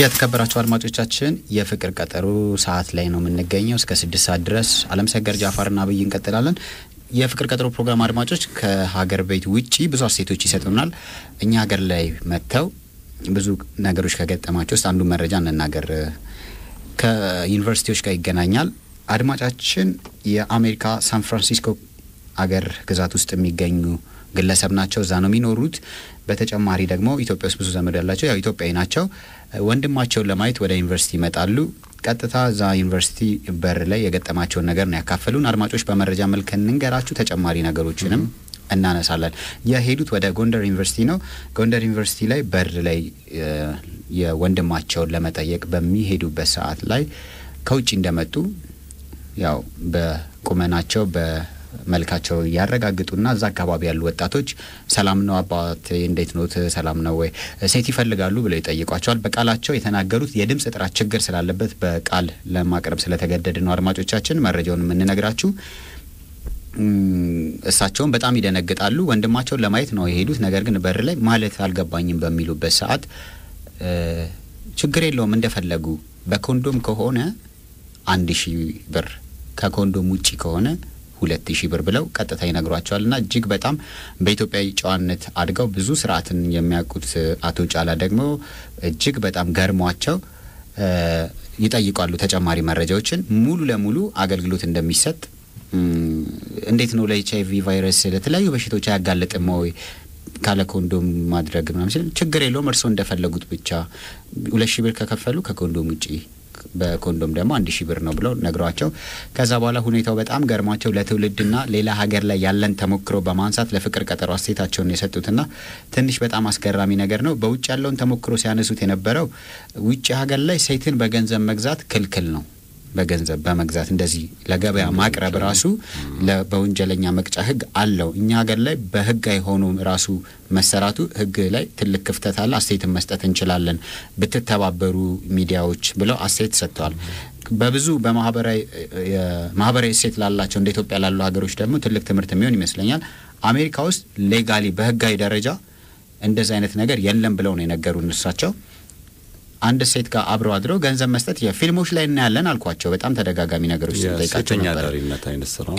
የተከበራችሁ አድማጮቻችን የፍቅር ቀጠሩ ሰዓት ላይ ነው የምንገኘው። እስከ ስድስት ሰዓት ድረስ አለም ሰገር ጃፋርና አብይ እንቀጥላለን። የፍቅር ቀጠሮ ፕሮግራም አድማጮች ከሀገር ቤት ውጭ ብዙ አስተያየቶች ይሰጡናል። እኛ ሀገር ላይ መጥተው ብዙ ነገሮች ከገጠማቸው ውስጥ አንዱ መረጃ እንናገር ከዩኒቨርሲቲዎች ጋር ይገናኛል። አድማጫችን የአሜሪካ ሳን ፍራንሲስኮ አገር ግዛት ውስጥ የሚገኙ ግለሰብ ናቸው። እዛ ነው የሚኖሩት። በተጨማሪ ደግሞ ኢትዮጵያ ውስጥ ብዙ ዘመድ ያላቸው ያው ኢትዮጵያዊ ናቸው። ወንድማቸውን ለማየት ወደ ዩኒቨርሲቲ ይመጣሉ። ቀጥታ እዛ ዩኒቨርሲቲ በር ላይ የገጠማቸውን ነገር ነው ያካፈሉን። አድማጮች በመረጃ መልክ እንንገራችሁ። ተጨማሪ ነገሮችንም እናነሳለን። የሄዱት ወደ ጎንደር ዩኒቨርሲቲ ነው። ጎንደር ዩኒቨርሲቲ ላይ በር ላይ የወንድማቸውን ለመጠየቅ በሚሄዱበት ሰዓት ላይ ከውጭ እንደመጡ ያው በቁመናቸው በ መልካቸው እያረጋግጡና እዛ አካባቢ ያሉ ወጣቶች ሰላም ነው አባት እንዴት ኖት ሰላም ነው ወይ ሴት ይፈልጋሉ ብለው ይጠይቋቸዋል። በቃላቸው የተናገሩት የድምፅ ጥራት ችግር ስላለበት በቃል ለማቅረብ ስለተገደድ ነው። አድማጮቻችን መረጃውን የምንነግራችሁ እሳቸውን በጣም ይደነግጣሉ። ወንድማቸውን ለማየት ነው የሄዱት። ነገር ግን በር ላይ ማለት አልገባኝም በሚሉበት ሰዓት ችግር የለውም እንደፈለጉ በኮንዶም ከሆነ አንድ ሺህ ብር ከኮንዶም ውጪ ከሆነ ሁለት ሺህ ብር ብለው ቀጥታ ይነግሯቸዋል። እና እጅግ በጣም በኢትዮጵያዊ ጨዋነት አድገው ብዙ ስርዓትን የሚያውቁት አቶ ጫላ ደግሞ እጅግ በጣም ገርሟቸው ይጠይቋሉ ተጨማሪ መረጃዎችን። ሙሉ ለሙሉ አገልግሎት እንደሚሰጥ እንዴት ነው ለኤች አይቪ ቫይረስ ለተለያዩ በሽታዎች አያጋለጥም ወይ ካለ ኮንዶም ማድረግ ምናምን ሲል ችግር የለውም እርስዎ እንደፈለጉት ብቻ ሁለት ሺህ ብር ከከፈሉ ከኮንዶም ውጪ በኮንዶም ደግሞ አንድ ሺህ ብር ነው ብለው ነግሯቸው ከዛ በኋላ ሁኔታው በጣም ገርሟቸው ለትውልድና ሌላ ሀገር ላይ ያለን ተሞክሮ በማንሳት ለፍቅር ቀጠሮ አስተያየታቸውን የሰጡትና ትንሽ በጣም አስገራሚ ነገር ነው። በውጭ ያለውን ተሞክሮ ሲያነሱት የነበረው ውጭ ሀገር ላይ ሴትን በገንዘብ መግዛት ክልክል ነው። በገንዘብ በመግዛት እንደዚህ ለገበያ ማቅረብ ራሱ በወንጀለኛ መቅጫ ህግ አለው። እኛ ሀገር ላይ በህግ አይሆኑም ራሱ መሰራቱ ህግ ላይ ትልቅ ክፍተት አለ። አስተያየትን መስጠት እንችላለን ብትተባበሩ ሚዲያዎች ብለው አስተያየት ሰጥተዋል። በብዙ በማህበራዊ እሴት ላላቸው እንደ ኢትዮጵያ ላሉ ሀገሮች ደግሞ ትልቅ ትምህርት የሚሆን ይመስለኛል። አሜሪካ ውስጥ ሌጋሊ በህጋዊ ደረጃ እንደዚህ አይነት ነገር የለም ብለው ነው የነገሩ እንሳቸው አንድ ሴት ጋር አብረው አድረው ገንዘብ መስጠት የፊልሞች ላይ እናያለን አልኳቸው። በጣም ተደጋጋሚ ነገሮች ስጠይቃቸው ነበር።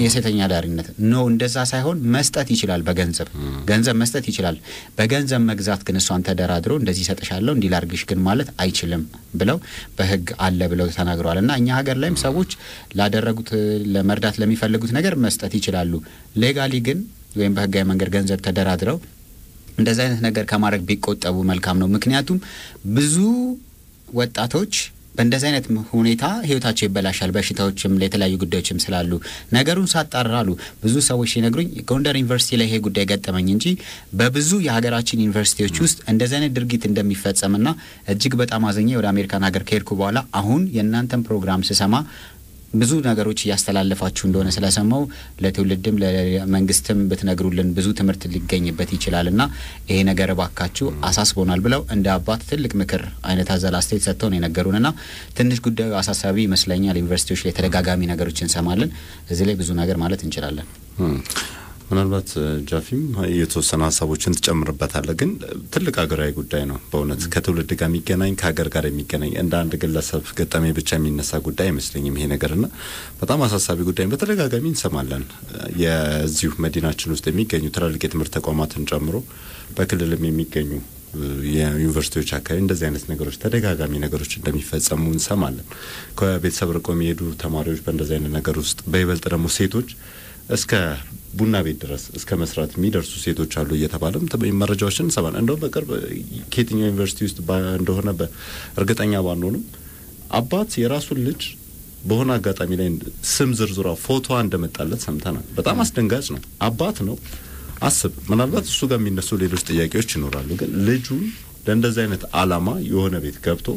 የሴተኛ ዳሪነት ኖ እንደዛ ሳይሆን መስጠት ይችላል። በገንዘብ ገንዘብ መስጠት ይችላል። በገንዘብ መግዛት ግን እሷን ተደራድሮ እንደዚህ ይሰጥሻለሁ እንዲላርግሽ ግን ማለት አይችልም ብለው በህግ አለ ብለው ተናግረዋል። እና እኛ ሀገር ላይም ሰዎች ላደረጉት ለመርዳት ለሚፈልጉት ነገር መስጠት ይችላሉ። ሌጋሊ ግን ወይም በህጋዊ መንገድ ገንዘብ ተደራድረው እንደዚህ አይነት ነገር ከማድረግ ቢቆጠቡ መልካም ነው። ምክንያቱም ብዙ ወጣቶች በእንደዚህ አይነት ሁኔታ ህይወታቸው ይበላሻል። በሽታዎችም የተለያዩ ጉዳዮችም ስላሉ ነገሩን ሳጣራሉ ብዙ ሰዎች ሲነግሩኝ ጎንደር ዩኒቨርሲቲ ላይ ይሄ ጉዳይ ገጠመኝ እንጂ በብዙ የሀገራችን ዩኒቨርሲቲዎች ውስጥ እንደዚህ አይነት ድርጊት እንደሚፈጸምና እጅግ በጣም አዘኘ። ወደ አሜሪካን ሀገር ከሄድኩ በኋላ አሁን የእናንተን ፕሮግራም ስሰማ ብዙ ነገሮች እያስተላለፋችሁ እንደሆነ ስለሰማው ለትውልድም ለመንግስትም ብትነግሩልን ብዙ ትምህርት ሊገኝበት ይችላል እና ይሄ ነገር ባካችሁ አሳስቦናል ብለው እንደ አባት ትልቅ ምክር አይነት አዘል አስተያየት ሰጥተው ነው የነገሩን እና ትንሽ ጉዳዩ አሳሳቢ ይመስለኛል። ዩኒቨርሲቲዎች ላይ ተደጋጋሚ ነገሮች እንሰማለን። እዚህ ላይ ብዙ ነገር ማለት እንችላለን። ምናልባት ጃፊም የተወሰነ ሀሳቦችን ትጨምርበታለ ግን ትልቅ ሀገራዊ ጉዳይ ነው። በእውነት ከትውልድ ጋር የሚገናኝ ከሀገር ጋር የሚገናኝ እንደ አንድ ግለሰብ ገጠሜ ብቻ የሚነሳ ጉዳይ አይመስለኝም ይሄ ና በጣም አሳሳቢ ጉዳይ በተደጋጋሚ እንሰማለን። የዚሁ መዲናችን ውስጥ የሚገኙ ትላልቅ የትምህርት ተቋማትን ጨምሮ በክልልም የሚገኙ የዩኒቨርሲቲዎች አካባቢ እንደዚህ አይነት ነገሮች ተደጋጋሚ ነገሮች እንደሚፈጸሙ እንሰማለን። ከቤተሰብ ርቆ የሚሄዱ ተማሪዎች በእንደዚህ አይነት ነገር ውስጥ በይበልጥ ደግሞ ሴቶች እስከ ቡና ቤት ድረስ እስከ መስራት የሚደርሱ ሴቶች አሉ እየተባለም መረጃዎችን እንሰማል። እንደውም በቅርብ ከየትኛው ዩኒቨርሲቲ ውስጥ እንደሆነ እርግጠኛ ባንሆንም አባት የራሱን ልጅ በሆነ አጋጣሚ ላይ ስም ዝርዝሯ ፎቶ እንደመጣለት ሰምተናል። በጣም አስደንጋጭ ነው። አባት ነው አስብ። ምናልባት እሱ ጋር የሚነሱ ሌሎች ጥያቄዎች ይኖራሉ። ግን ልጁን ለእንደዚህ አይነት አላማ የሆነ ቤት ገብቶ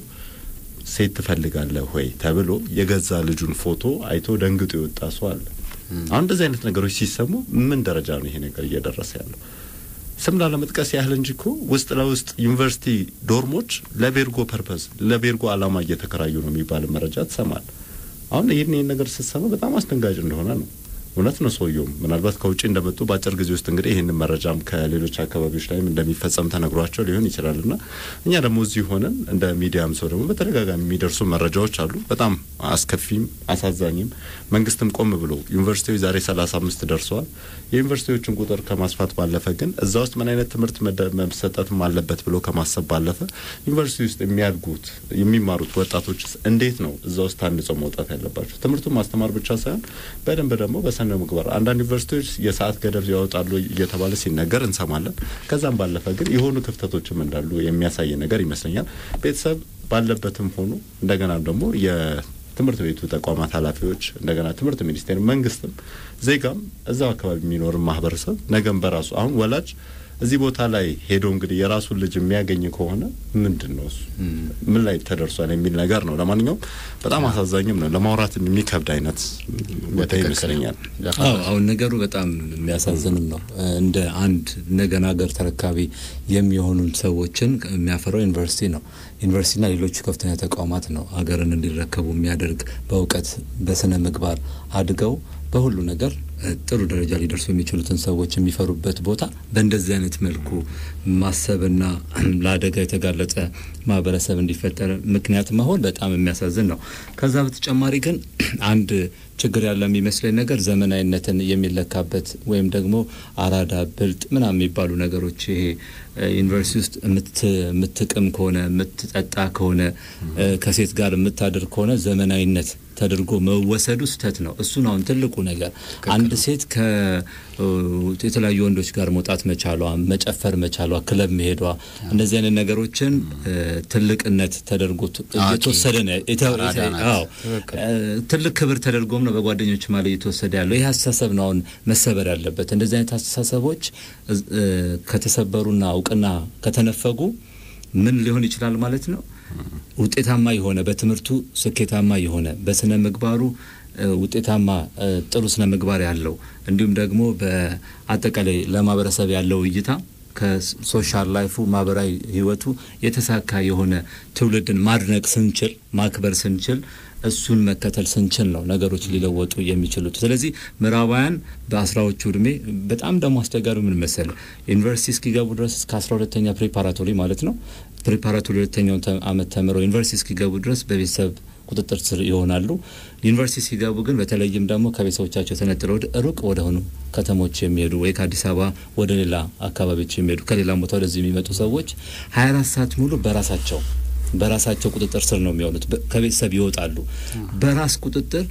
ሴት ትፈልጋለህ ወይ ተብሎ የገዛ ልጁን ፎቶ አይቶ ደንግጦ የወጣ ሰው አለ። አሁን እንደዚህ አይነት ነገሮች ሲሰሙ ምን ደረጃ ነው ይሄ ነገር እየደረሰ ያለው? ስም ላለመጥቀስ ያህል እንጂ እኮ ውስጥ ለውስጥ ዩኒቨርሲቲ ዶርሞች ለቤርጎ ፐርፐዝ ለቤርጎ አላማ እየተከራዩ ነው የሚባል መረጃ ትሰማል። አሁን ይህን ነገር ስትሰማ በጣም አስደንጋጭ እንደሆነ ነው እውነት ነው ሰውየውም ምናልባት ከውጭ እንደመጡ በአጭር ጊዜ ውስጥ እንግዲህ ይህንን መረጃም ከሌሎች አካባቢዎች ላይም እንደሚፈጸም ተነግሯቸው ሊሆን ይችላል እና እኛ ደግሞ እዚህ ሆነን እንደ ሚዲያም ሰው ደግሞ በተደጋጋሚ የሚደርሱ መረጃዎች አሉ። በጣም አስከፊም አሳዛኝም። መንግስትም ቆም ብሎ ዩኒቨርሲቲዎች ዛሬ ሰላሳ አምስት ደርሰዋል። የዩኒቨርሲቲዎችን ቁጥር ከማስፋት ባለፈ ግን እዛ ውስጥ ምን አይነት ትምህርት መሰጠትም አለበት ብሎ ከማሰብ ባለፈ ዩኒቨርሲቲ ውስጥ የሚያድጉት የሚማሩት ወጣቶችስ እንዴት ነው እዛ ውስጥ ታንጸው መውጣት ያለባቸው? ትምህርቱን ማስተማር ብቻ ሳይሆን በደንብ ደግሞ ስነ ምግባር አንዳንድ ዩኒቨርሲቲዎች የሰዓት ገደብ ያወጣሉ እየተባለ ሲነገር እንሰማለን። ከዛም ባለፈ ግን የሆኑ ክፍተቶችም እንዳሉ የሚያሳይ ነገር ይመስለኛል። ቤተሰብ ባለበትም ሆኖ እንደገና ደግሞ የትምህርት ቤቱ ተቋማት ኃላፊዎች እንደገና ትምህርት ሚኒስቴር፣ መንግስትም፣ ዜጋም እዛው አካባቢ የሚኖርም ማህበረሰብ ነገም በራሱ አሁን ወላጅ እዚህ ቦታ ላይ ሄዶ እንግዲህ የራሱን ልጅ የሚያገኝ ከሆነ ምንድን ነው እሱ ምን ላይ ተደርሷል የሚል ነገር ነው። ለማንኛውም በጣም አሳዛኝም ነው፣ ለማውራት የሚከብድ አይነት ቦታ ይመስለኛል። አሁን ነገሩ በጣም የሚያሳዝንም ነው። እንደ አንድ ነገን ሀገር ተረካቢ የሚሆኑን ሰዎችን የሚያፈራው ዩኒቨርሲቲ ነው። ዩኒቨርሲቲና ሌሎቹ ከፍተኛ ተቋማት ነው ሀገርን እንዲረከቡ የሚያደርግ በእውቀት በስነ ምግባር አድገው በሁሉ ነገር ጥሩ ደረጃ ሊደርሱ የሚችሉትን ሰዎች የሚፈሩበት ቦታ በእንደዚህ አይነት መልኩ ማሰብና ለአደጋ የተጋለጠ ማህበረሰብ እንዲፈጠር ምክንያት መሆን በጣም የሚያሳዝን ነው። ከዛ በተጨማሪ ግን አንድ ችግር ያለ የሚመስለኝ ነገር ዘመናዊነትን የሚለካበት ወይም ደግሞ አራዳ፣ ብልጥ ምናምን የሚባሉ ነገሮች ይሄ ዩኒቨርሲቲ ውስጥ የምትቅም ከሆነ የምትጠጣ ከሆነ ከሴት ጋር የምታድር ከሆነ ዘመናዊነት ተደርጎ መወሰዱ ስህተት ነው። እሱን አሁን ትልቁ ነገር አንድ ሴት የተለያዩ ወንዶች ጋር መውጣት መቻሏ፣ መጨፈር መቻሏ፣ ክለብ መሄዷ እነዚህ አይነት ነገሮችን ትልቅነት ተደርጎ እየተወሰደ ነው። ትልቅ ክብር ተደርጎም ነው በጓደኞች ማለ እየተወሰደ ያለው። ይህ አስተሳሰብ ነው አሁን መሰበር ያለበት። እንደዚህ አይነት አስተሳሰቦች ከተሰበሩና እውቅና ከተነፈጉ ምን ሊሆን ይችላል ማለት ነው ውጤታማ የሆነ በትምህርቱ ስኬታማ የሆነ በስነ ምግባሩ ውጤታማ ጥሩ ስነ ምግባር ያለው እንዲሁም ደግሞ በአጠቃላይ ለማህበረሰብ ያለው እይታ ከሶሻል ላይፉ ማህበራዊ ህይወቱ የተሳካ የሆነ ትውልድን ማድነቅ ስንችል ማክበር ስንችል እሱን መከተል ስንችል ነው ነገሮች ሊለወጡ የሚችሉት። ስለዚህ ምዕራባውያን በአስራዎቹ እድሜ በጣም ደግሞ አስቸጋሪ ምን መሰለ ዩኒቨርሲቲ እስኪገቡ ድረስ እስከ አስራ ሁለተኛ ፕሪፓራቶሪ ማለት ነው ፕሪፓራቶሪ ሁለተኛውን አመት ተምረው ዩኒቨርሲቲ እስኪገቡ ድረስ በቤተሰብ ቁጥጥር ስር ይሆናሉ። ዩኒቨርሲቲ ሲገቡ ግን በተለይም ደግሞ ከቤተሰቦቻቸው ተነጥለው ወደ ሩቅ ወደሆኑ ከተሞች የሚሄዱ ወይ ከአዲስ አበባ ወደ ሌላ አካባቢዎች የሚሄዱ ከሌላም ቦታ ወደዚህ የሚመጡ ሰዎች አራት ሰዓት ሙሉ በራሳቸው በራሳቸው ቁጥጥር ስር ነው የሚሆኑት። ከቤተሰብ ይወጣሉ። በራስ ቁጥጥር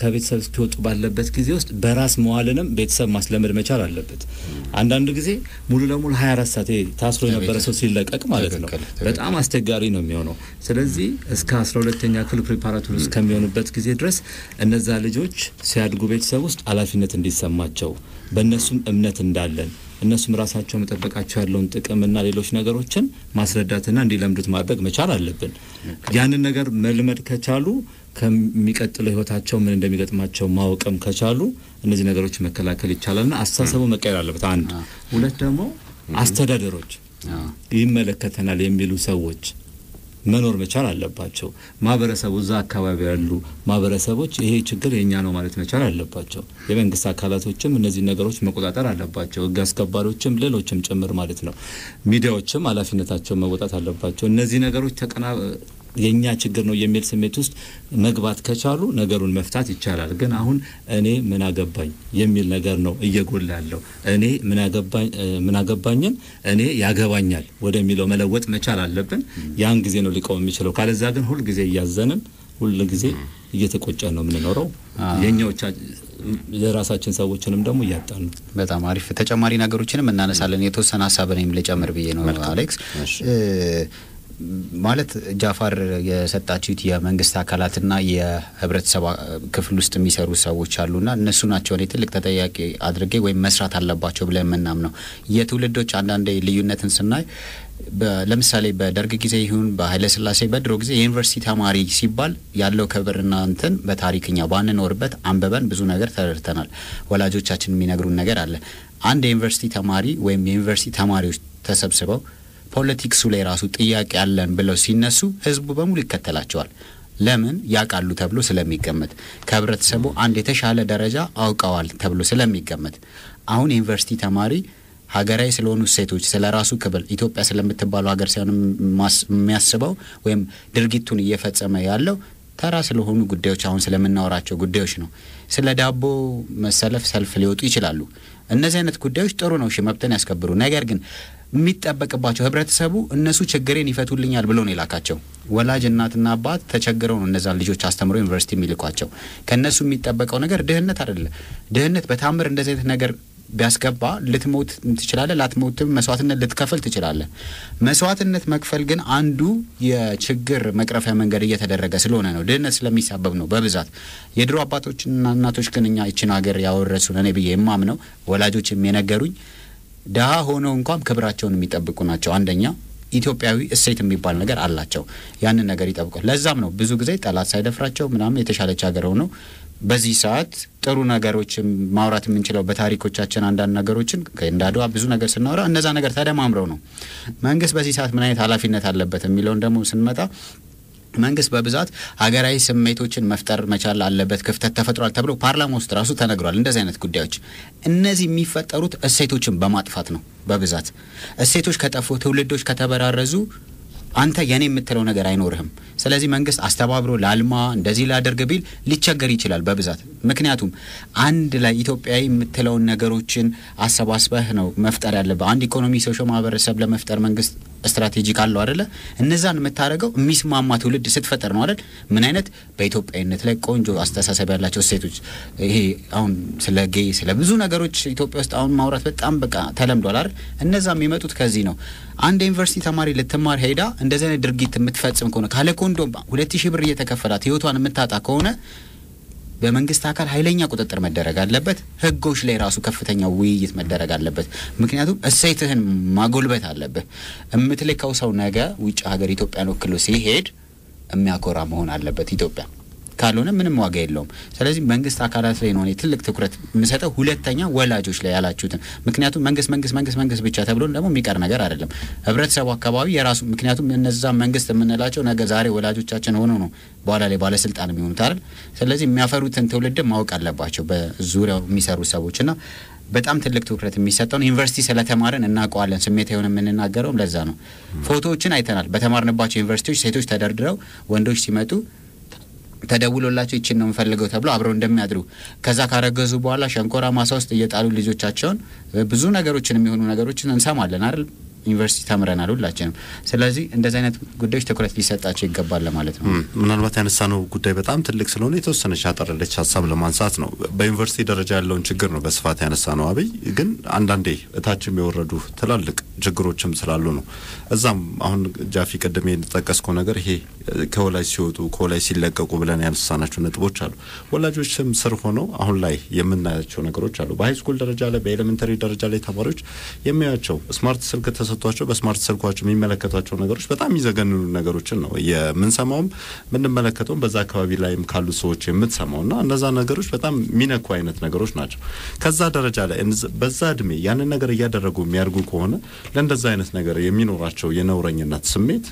ከቤተሰብ እስኪወጡ ባለበት ጊዜ ውስጥ በራስ መዋልንም ቤተሰብ ማስለመድ መቻል አለበት። አንዳንድ ጊዜ ሙሉ ለሙሉ ሀያ አራት ሰዓት ታስሮ የነበረ ሰው ሲለቀቅ ማለት ነው በጣም አስቸጋሪ ነው የሚሆነው። ስለዚህ እስከ አስራ ሁለተኛ ክፍል ፕሪፓራቶሪ እስከሚሆኑበት ጊዜ ድረስ እነዛ ልጆች ሲያድጉ ቤተሰብ ውስጥ ኃላፊነት እንዲሰማቸው በእነሱም እምነት እንዳለን እነሱም ራሳቸው መጠበቃቸው ያለውን ጥቅምና ሌሎች ነገሮችን ማስረዳትና እንዲለምዱት ማድረግ መቻል አለብን። ያንን ነገር መልመድ ከቻሉ ከሚቀጥለው ህይወታቸው ምን እንደሚገጥማቸው ማወቅም ከቻሉ እነዚህ ነገሮች መከላከል ይቻላልና አስተሳሰቡ መቀየር አለበት። አንድ ሁለት ደግሞ አስተዳደሮች ይመለከተናል የሚሉ ሰዎች መኖር መቻል አለባቸው። ማህበረሰቡ እዛ አካባቢ ያሉ ማህበረሰቦች ይሄ ችግር የኛ ነው ማለት መቻል አለባቸው። የመንግስት አካላቶችም እነዚህ ነገሮች መቆጣጠር አለባቸው። ህግ አስከባሪዎችም፣ ሌሎችም ጭምር ማለት ነው። ሚዲያዎችም ኃላፊነታቸውን መወጣት አለባቸው። እነዚህ ነገሮች ተቀና የእኛ ችግር ነው የሚል ስሜት ውስጥ መግባት ከቻሉ ነገሩን መፍታት ይቻላል። ግን አሁን እኔ ምን አገባኝ የሚል ነገር ነው እየጎላ ያለው። እኔ ምን አገባኝን እኔ ያገባኛል ወደሚለው መለወጥ መቻል አለብን። ያን ጊዜ ነው ሊቆም የሚችለው። ካለዛ ግን ሁል ጊዜ እያዘንን ሁል ጊዜ እየተቆጨን ነው የምንኖረው። የኛዎቻ የራሳችን ሰዎችንም ደግሞ እያጣን በጣም አሪፍ ተጨማሪ ነገሮችንም እናነሳለን። የተወሰነ ሀሳብን ልጨምር ብዬ ነው አሌክስ ማለት ጃፋር የሰጣችሁት የመንግስት አካላትና የህብረተሰብ ክፍል ውስጥ የሚሰሩ ሰዎች አሉና እነሱ ናቸው እኔ ትልቅ ተጠያቂ አድርጌ ወይም መስራት አለባቸው ብለን የምናምነው የትውልዶች አንዳንዴ ልዩነትን ስናይ ለምሳሌ በደርግ ጊዜ ይሁን በኃይለስላሴ በድሮ ጊዜ የዩኒቨርሲቲ ተማሪ ሲባል ያለው ክብርና እንትን በታሪክኛ ባንኖርበት አንብበን ብዙ ነገር ተረድተናል። ወላጆቻችን የሚነግሩን ነገር አለ። አንድ የዩኒቨርሲቲ ተማሪ ወይም የዩኒቨርሲቲ ተማሪዎች ተሰብስበው ፖለቲክሱ ላይ ራሱ ጥያቄ አለን ብለው ሲነሱ ህዝቡ በሙሉ ይከተላቸዋል። ለምን ያውቃሉ ተብሎ ስለሚገመት ከህብረተሰቡ አንድ የተሻለ ደረጃ አውቀዋል ተብሎ ስለሚገመት አሁን የዩኒቨርሲቲ ተማሪ ሀገራዊ ስለሆኑ እሴቶች ስለ ራሱ ክብል ኢትዮጵያ ስለምትባለው ሀገር ሳይሆን የሚያስበው ወይም ድርጊቱን እየፈጸመ ያለው ተራ ስለሆኑ ጉዳዮች አሁን ስለምናወራቸው ጉዳዮች ነው። ስለ ዳቦ መሰለፍ ሰልፍ ሊወጡ ይችላሉ። እነዚህ አይነት ጉዳዮች ጥሩ ነው፣ ሺ መብትን ያስከብሩ። ነገር ግን የሚጠበቅባቸው ህብረተሰቡ እነሱ ችግሬን ይፈቱልኛል ብሎ ነው የላካቸው። ወላጅ እናትና አባት ተቸግረው ነው እነዛን ልጆች አስተምሮ ዩኒቨርሲቲ የሚልኳቸው። ከእነሱ የሚጠበቀው ነገር ድህነት አይደለ። ድህነት በታምር እንደዚህ አይነት ነገር ቢያስገባ ልትሞት ትችላለ፣ ላትሞትም መስዋዕትነት ልትከፍል ትችላለ። መስዋዕትነት መክፈል ግን አንዱ የችግር መቅረፊያ መንገድ እየተደረገ ስለሆነ ነው፣ ድህነት ስለሚሳበብ ነው በብዛት የድሮ አባቶችና እናቶች ግን እኛ ይችን ሀገር ያወረሱን እኔ ብዬ የማምነው ወላጆችም የነገሩኝ ድሀ ሆነው እንኳን ክብራቸውን የሚጠብቁ ናቸው። አንደኛ ኢትዮጵያዊ እሴት የሚባል ነገር አላቸው። ያንን ነገር ይጠብቋል። ለዛም ነው ብዙ ጊዜ ጠላት ሳይደፍራቸው ምናምን የተሻለች ሀገር ሆነው በዚህ ሰዓት ጥሩ ነገሮች ማውራት የምንችለው በታሪኮቻችን አንዳንድ ነገሮችን እንደ አድዋ ብዙ ነገር ስናወራ እነዛ ነገር ተደማምረው ነው። መንግስት በዚህ ሰዓት ምን አይነት ኃላፊነት አለበት የሚለውን ደግሞ ስንመጣ መንግስት በብዛት ሀገራዊ ስሜቶችን መፍጠር መቻል አለበት። ክፍተት ተፈጥሯል ተብሎ ፓርላማ ውስጥ ራሱ ተነግሯል። እንደዚህ አይነት ጉዳዮች እነዚህ የሚፈጠሩት እሴቶችን በማጥፋት ነው። በብዛት እሴቶች ከጠፉ፣ ትውልዶች ከተበራረዙ አንተ የኔ የምትለው ነገር አይኖርህም። ስለዚህ መንግስት አስተባብሮ ላልማ እንደዚህ ላደርግ ቢል ሊቸገር ይችላል በብዛት ምክንያቱም አንድ ላይ ኢትዮጵያዊ የምትለውን ነገሮችን አሰባስበህ ነው መፍጠር ያለብህ። አንድ ኢኮኖሚ ሶሾ ማህበረሰብ ለመፍጠር መንግስት ስትራቴጂክ አለው አደለ? እነዛን የምታደርገው የሚስማማ ትውልድ ስትፈጠር ነው አይደል? ምን አይነት በኢትዮጵያዊነት ላይ ቆንጆ አስተሳሰብ ያላቸው ሴቶች ይሄ አሁን ስለ ጌይ ስለ ብዙ ነገሮች ኢትዮጵያ ውስጥ አሁን ማውራት በጣም በቃ ተለምዷል አይደል? እነዛ የሚመጡት ከዚህ ነው። አንድ ዩኒቨርሲቲ ተማሪ ልትማር ሄዳ እንደዚህ አይነት ድርጊት የምትፈጽም ከሆነ ካለ ኮንዶም ሁለት ሺህ ብር እየተከፈላት ህይወቷን የምታጣ ከሆነ በመንግስት አካል ኃይለኛ ቁጥጥር መደረግ አለበት። ህጎች ላይ ራሱ ከፍተኛ ውይይት መደረግ አለበት። ምክንያቱም እሴትህን ማጎልበት አለብህ። የምትልከው ሰው ነገ ውጭ ሀገር ኢትዮጵያን ወክሎ ሲሄድ የሚያኮራ መሆን አለበት ኢትዮጵያ ካልሆነ ምንም ዋጋ የለውም። ስለዚህ መንግስት አካላት ላይ ነው ትልቅ ትኩረት የምሰጠው። ሁለተኛ ወላጆች ላይ ያላችሁትን፣ ምክንያቱም መንግስት መንግስት መንግስት መንግስት ብቻ ተብሎ ደግሞ የሚቀር ነገር አይደለም። ህብረተሰቡ አካባቢ የራሱ ምክንያቱም እነዛ መንግስት የምንላቸው ነገ ዛሬ ወላጆቻችን ሆኖ ነው በኋላ ላይ ባለስልጣን የሚሆኑት አይደል። ስለዚህ የሚያፈሩትን ትውልድ ማወቅ አለባቸው በዙሪያው የሚሰሩ ሰዎችና በጣም ትልቅ ትኩረት የሚሰጠውን ዩኒቨርሲቲ ስለተማርን እናውቀዋለን። ስሜት የሆነ የምንናገረውም ለዛ ነው። ፎቶዎችን አይተናል። በተማርንባቸው ዩኒቨርሲቲዎች ሴቶች ተደርድረው ወንዶች ሲመጡ ተደውሎላቸው ይችን ነው የምፈልገው ተብሎ አብረው እንደሚያድሩ ከዛ ካረገዙ በኋላ ሸንኮራ ማሳ ውስጥ እየጣሉ ልጆቻቸውን ብዙ ነገሮችን የሚሆኑ ነገሮችን እንሰማለን አይደል? ዩኒቨርሲቲ ተምረናል ሁላችንም። ስለዚህ እንደዚህ አይነት ጉዳዮች ትኩረት ሊሰጣቸው ይገባል ለማለት ነው። ምናልባት ያነሳነው ጉዳይ በጣም ትልቅ ስለሆነ የተወሰነች ያጠረለች ሀሳብ ለማንሳት ነው። በዩኒቨርሲቲ ደረጃ ያለውን ችግር ነው በስፋት ያነሳነው። አብይ ግን አንዳንዴ እታችም የወረዱ ትላልቅ ችግሮችም ስላሉ ነው። እዛም አሁን ጃፊ ቀደም የተጠቀስከው ነገር ይሄ ከወላጅ ሲወጡ ከወላጅ ሲለቀቁ ብለን ያነሳናቸው ነጥቦች አሉ። ወላጆች ስም ስር ሆነው አሁን ላይ የምናያቸው ነገሮች አሉ። በሃይስኩል ደረጃ ላይ በኤሌመንተሪ ደረጃ ላይ ተማሪዎች የሚያቸው ስማርት ስልክ ተሰ ተሰጥቷቸው በስማርት ስልኳቸው የሚመለከቷቸው ነገሮች በጣም የሚዘገንኑ ነገሮችን ነው የምንሰማውም የምንመለከተውም በዛ አካባቢ ላይም ካሉ ሰዎች የምትሰማው እና እነዛ ነገሮች በጣም የሚነኩ አይነት ነገሮች ናቸው። ከዛ ደረጃ ላይ በዛ እድሜ ያንን ነገር እያደረጉ የሚያደርጉ ከሆነ ለእንደዛ አይነት ነገር የሚኖራቸው የነውረኝነት ስሜት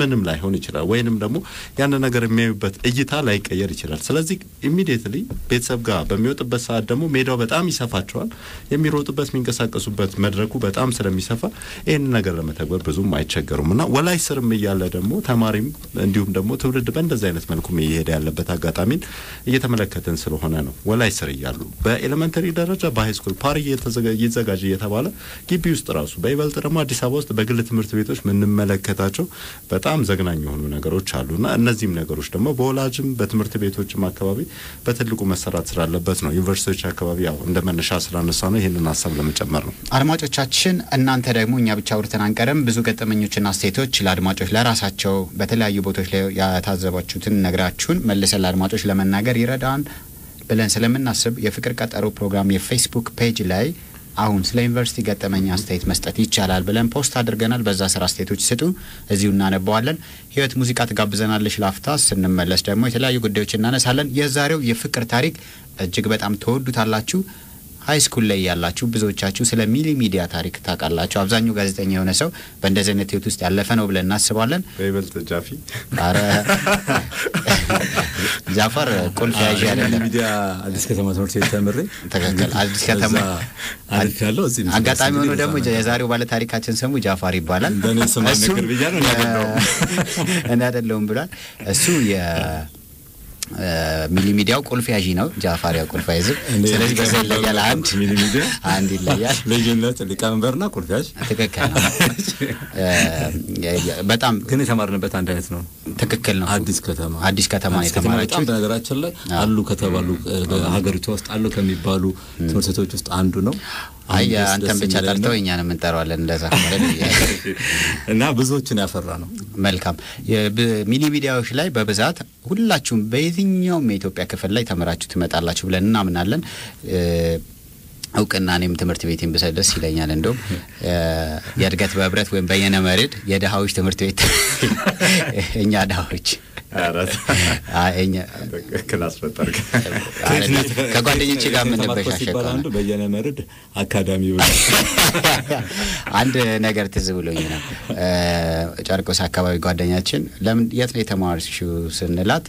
ምንም ላይሆን ይችላል፣ ወይንም ደግሞ ያን ነገር የሚያዩበት እይታ ላይቀየር ይችላል። ስለዚህ ኢሚዲየትሊ ቤተሰብ ጋር በሚወጥበት ሰዓት ደግሞ ሜዳው በጣም ይሰፋቸዋል። የሚሮጡበት የሚንቀሳቀሱበት መድረኩ በጣም ስለሚሰፋ ይህን ነገር ለመተግበር ብዙም አይቸገሩም እና ወላይ ስርም እያለ ደግሞ ተማሪም እንዲሁም ደግሞ ትውልድ በእንደዚህ አይነት መልኩ እየሄደ ያለበት አጋጣሚን እየተመለከትን ስለሆነ ነው። ወላይ ስር እያሉ በኤሌመንተሪ ደረጃ በሃይስኩል ፓር ይዘጋጅ እየተባለ ግቢ ውስጥ ራሱ በይበልጥ ደግሞ አዲስ አበባ ውስጥ በግል ትምህርት ቤቶች ምንመለከታቸው በጣም ዘግናኝ የሆኑ ነገሮች አሉና እነዚህም ነገሮች ደግሞ በወላጅም በትምህርት ቤቶችም አካባቢ በትልቁ መሰራት ስላለበት ነው። ዩኒቨርሲቲዎች አካባቢ ያው እንደ መነሻ ስላነሳ ነው ይህንን ሀሳብ ለመጨመር ነው። አድማጮቻችን፣ እናንተ ደግሞ እኛ ብቻ አውርተን አንቀርም። ብዙ ገጠመኞችና አስተያየቶች ለአድማጮች ለራሳቸው በተለያዩ ቦታዎች ላይ ያታዘባችሁትን ነግራችሁን መልሰን ለአድማጮች ለመናገር ይረዳን ብለን ስለምናስብ የፍቅር ቀጠሮ ፕሮግራም የፌስቡክ ፔጅ ላይ አሁን ስለ ዩኒቨርሲቲ ገጠመኝ አስተያየት መስጠት ይቻላል ብለን ፖስት አድርገናል። በዛ ስራ አስተያየቶች ስጡ፣ እዚሁ እናነበዋለን። ህይወት ሙዚቃ ትጋብዘናለች ላፍታ። ስንመለስ ደግሞ የተለያዩ ጉዳዮች እናነሳለን። የዛሬው የፍቅር ታሪክ እጅግ በጣም ተወዱታላችሁ። ሀይ ስኩል ላይ ያላችሁ ብዙዎቻችሁ ስለ ሚሊ ሚዲያ ታሪክ ታውቃላችሁ። አብዛኛው ጋዜጠኛ የሆነ ሰው በእንደዚህ አይነት ህይወት ውስጥ ያለፈ ነው ብለን እናስባለን። በይበልጥ ጃፊ አረ ጃፈር ቁልፍ ያዥ አይደለም። ሚዲያ አዲስ ከተማ ትምህርት ቤት ተምሬ ተከተል አዲስ ከተማ አልፌያለሁ። አጋጣሚ ሆኖ ደግሞ የዛሬው ባለ ታሪካችን ስሙ ጃፋር ይባላል። በእኔ ስም ነገር ብያለሁ። እኔ አይደለሁም ብሏል እሱ ሚሊ ሚዲያው ቁልፍ ያዥ ነው። ጃፋሪያ ቁልፍ አይዝም። ስለዚህ በዛ ይለያል። አንድ ሚሊ ሚዲያ አንድ ይለያል። ልዩነት ሊቀመንበርና ቁልፍ ያዥ ትክክል ነው። በጣም ግን የተማርንበት አንድ አይነት ነው። ትክክል ነው። አዲስ ከተማ አዲስ ከተማ የተማራችሁ በነገራችን ላይ አሉ ከተባሉ ሀገሪቷ ውስጥ አሉ ከሚባሉ ትምህርት ቤቶች ውስጥ አንዱ ነው። አይ አንተን ብቻ ጠርተው እኛን የምንጠራዋለን እንደዛ እና ብዙዎችን ያፈራ ነው። መልካም ሚኒ ሚዲያዎች ላይ በብዛት ሁላችሁም በየትኛውም የኢትዮጵያ ክፍል ላይ ተምራችሁ ትመጣላችሁ ብለን እናምናለን። እውቅና እኔም ትምህርት ቤቴን ብሰጥ ደስ ይለኛል። እንደውም የእድገት በህብረት ወይም በየነ መሬድ የድሃዎች ትምህርት ቤት እኛ ድሃዎች ከጓደኞቼ ጋር ምን አንዱ በየነ መርድ አካዳሚ አንድ ነገር ትዝ ብሎኝ ነው። ጨርቆስ አካባቢ ጓደኛችን ለምን የት ነው የተማርሽው ስንላት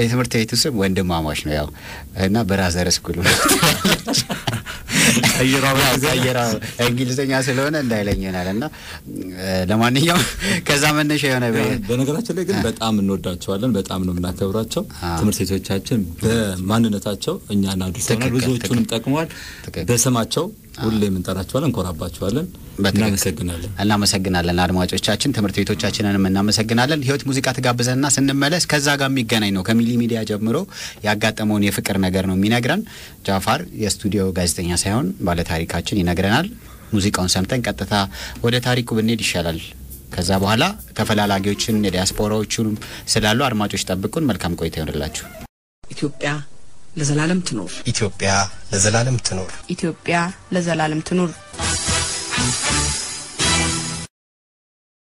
የትምህርት ቤቱ ስም ወንድማማች ነው ያው እና ብራዘር ስኩል እንግሊዝኛ ስለሆነ እንዳይለኝ ይሆናል። እና ለማንኛውም ከዛ መነሻ የሆነ በነገራችን ላይ ግን በጣም እንወዳቸዋለን፣ በጣም ነው የምናከብራቸው። ትምህርት ቤቶቻችን በማንነታቸው እኛ አድርሰናል፣ ብዙዎቹንም ጠቅመዋል። በስማቸው ሁሌ የምንጠራቸዋለን፣ እንኮራባቸዋለን። እናመሰግናለን እናመሰግናለን። አድማጮቻችን ትምህርት ቤቶቻችንንም እናመሰግናለን። ህይወት ሙዚቃ ትጋብዘንና ስንመለስ ከዛ ጋር የሚገናኝ ነው። ከሚሊ ሚዲያ ጀምሮ ያጋጠመውን የፍቅር ነገር ነው የሚነግረን። ጃፋር የስቱዲዮ ጋዜጠኛ ሳይሆን ባለታሪካችን ይነግረናል። ሙዚቃውን ሰምተን ቀጥታ ወደ ታሪኩ ብንሄድ ይሻላል። ከዛ በኋላ ተፈላላጊዎችን የዲያስፖራዎቹንም ስላሉ አድማጮች ጠብቁን። መልካም ቆይታ ይሆንላችሁ። ኢትዮጵያ ለዘላለም ትኑር። ኢትዮጵያ ለዘላለም ትኑር። ኢትዮጵያ ለዘላለም ትኑር።